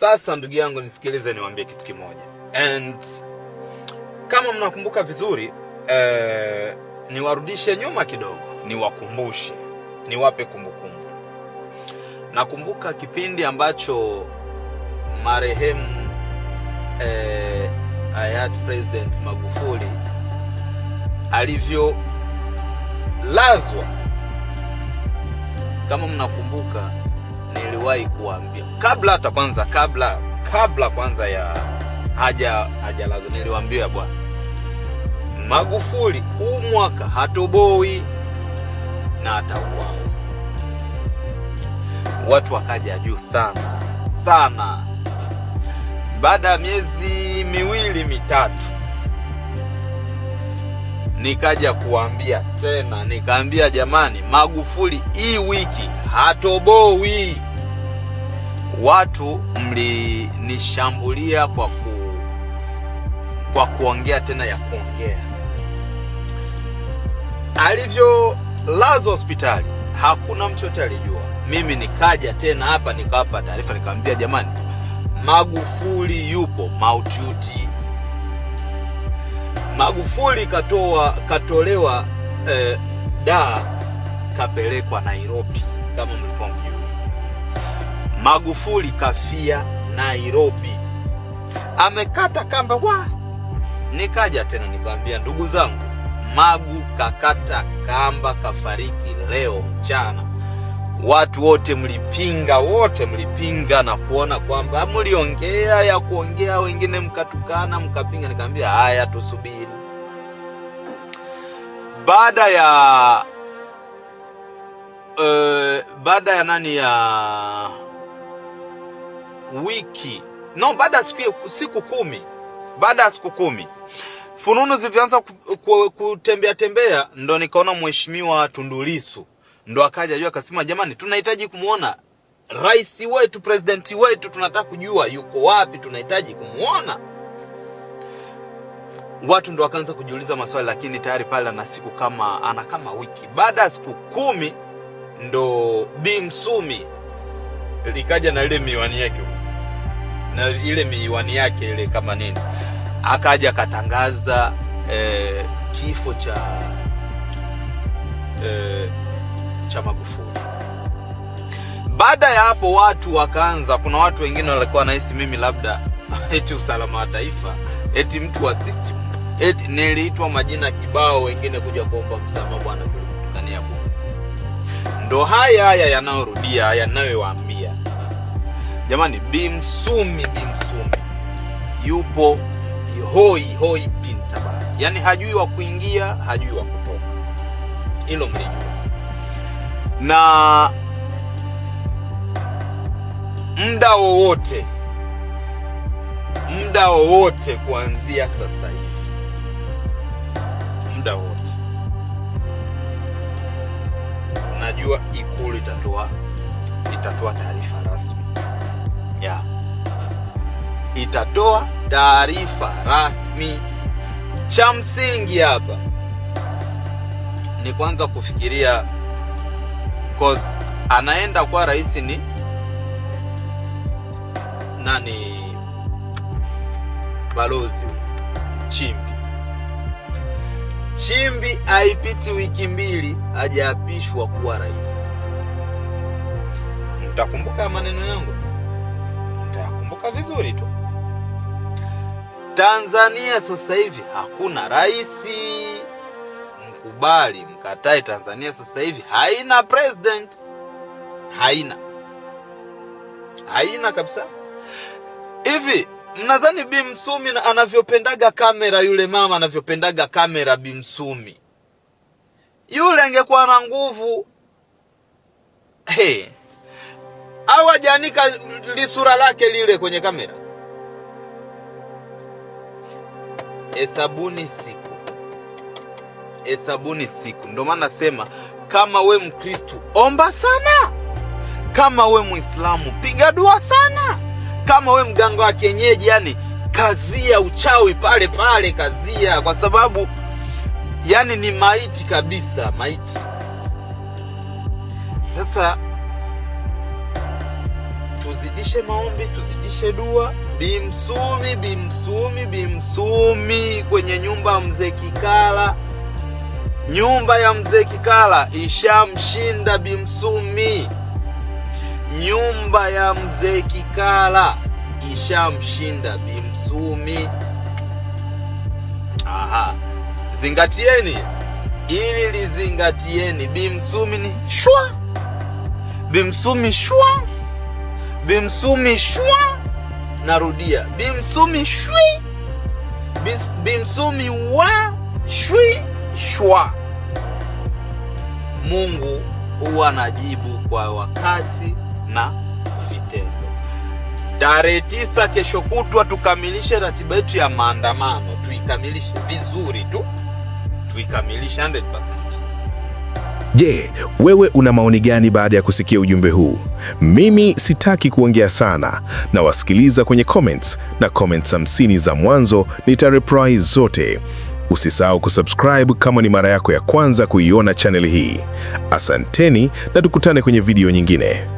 Sasa ndugu yangu, nisikilize niwaambie kitu kimoja, and kama mnakumbuka vizuri eh, niwarudishe nyuma kidogo, niwakumbushe, niwape kumbukumbu. Nakumbuka kipindi ambacho marehemu eh, hayati President Magufuli alivyolazwa, kama mnakumbuka aliwahi kuambia kabla hata kwanza, kabla kabla kwanza ya haja lazo niliwaambia bwana Magufuli huu mwaka hatoboi na atauawa. Watu wakaja juu sana sana. Baada ya miezi miwili mitatu, nikaja kuambia tena, nikaambia jamani, Magufuli hii wiki hatoboi watu mlinishambulia kwa, ku, kwa kuongea tena ya kuongea. Alivyolazwa hospitali hakuna mtu yote alijua. Mimi nikaja tena hapa nikawapa taarifa nikamwambia, jamani, Magufuli yupo maututi. Magufuli katoa, katolewa eh, da kapelekwa Nairobi kama mlikuwa Magufuli kafia Nairobi, amekata kamba wa. Nikaja tena nikamwambia, ndugu zangu, Magu kakata kamba, kafariki leo mchana. Watu wote mlipinga, wote mlipinga na kuona kwamba mliongea ya kuongea, wengine mkatukana, mkapinga. Nikamwambia haya, tusubiri. Baada ya uh, baada ya nani ya wiki no, baada ya siku kumi, baada ya siku kumi fununu zilianza kutembea tembea, ndo nikaona mheshimiwa tundulisu ndo akaja juu akasema, jamani, tunahitaji kumwona rais wetu, presidenti wetu, tunataka kujua yuko wapi, tunahitaji kumwona. Watu ndo wakaanza kujiuliza maswali, lakini tayari pale ana siku kama ana kama wiki. Baada ya siku kumi ndo Bi Msumi likaja na ile miwani yake na ile miwani yake ile kama nini, akaja akatangaza eh, kifo cha eh, cha Magufuli. Baada ya hapo watu wakaanza, kuna watu wengine walikuwa nahisi mimi labda eti usalama wa taifa, eti mtu wa system, eti niliitwa majina kibao, wengine kuja kuomba msamaha, bwana tulikutania Ndo haya haya yanayorudia yanayowaambia Jamani, Bimsumi Bimsumi yupo hoi hoi pinta bana, yaani hajui wa kuingia, hajui wa kutoka, hilo mlijua. Na muda wowote, muda wowote kuanzia sasa hivi, muda wowote, unajua Ikulu itatoa itatoa taarifa rasmi itatoa taarifa rasmi. Cha msingi hapa ni kwanza kufikiria cause anaenda kwa rais ni nani? Balozi Chimbi. Chimbi haipiti wiki mbili hajaapishwa kuwa rais. Mtakumbuka maneno yangu, mtayakumbuka vizuri tu. Tanzania sasa hivi hakuna rais, mkubali mkatae, Tanzania sasa hivi haina president, haina haina kabisa. Hivi mnadhani Bi Msumi anavyopendaga kamera, yule mama anavyopendaga kamera Bi Msumi yule, angekuwa na nguvu hey, au ajanika lisura lake lile kwenye kamera hesabuni siku, hesabuni siku. Ndio maana nasema kama we mkristu omba sana, kama we muislamu piga dua sana, kama we mganga wa kienyeji, yani kazia uchawi pale pale, kazia kwa sababu yani ni maiti kabisa, maiti. Sasa tuzidishe maombi, tuzidishe dua. Bimsumi, bimsumi, Msumi kwenye nyumba ya mzee Kikala. Nyumba ya mzee Kikala ishamshinda Bimsumi. Nyumba ya mzee Kikala ishamshinda Bimsumi. Aha. Zingatieni ili lizingatieni, Bimsumi ni shwa, Bimsumi shwa, Bimsumi shwa. Narudia, Bimsumi shwi bimsumi wa shwi shwa. Mungu huwa anajibu kwa wakati na vitendo. Tarehe tisa, kesho kutwa, tukamilishe ratiba yetu ya maandamano, tuikamilishe vizuri tu, tuikamilishe 100%. Je, wewe una maoni gani baada ya kusikia ujumbe huu? Mimi sitaki kuongea sana, nawasikiliza kwenye comments na comments hamsini za mwanzo nitareply zote. Usisahau kusubscribe kama ni mara yako ya kwanza kuiona chaneli hii. Asanteni na tukutane kwenye video nyingine.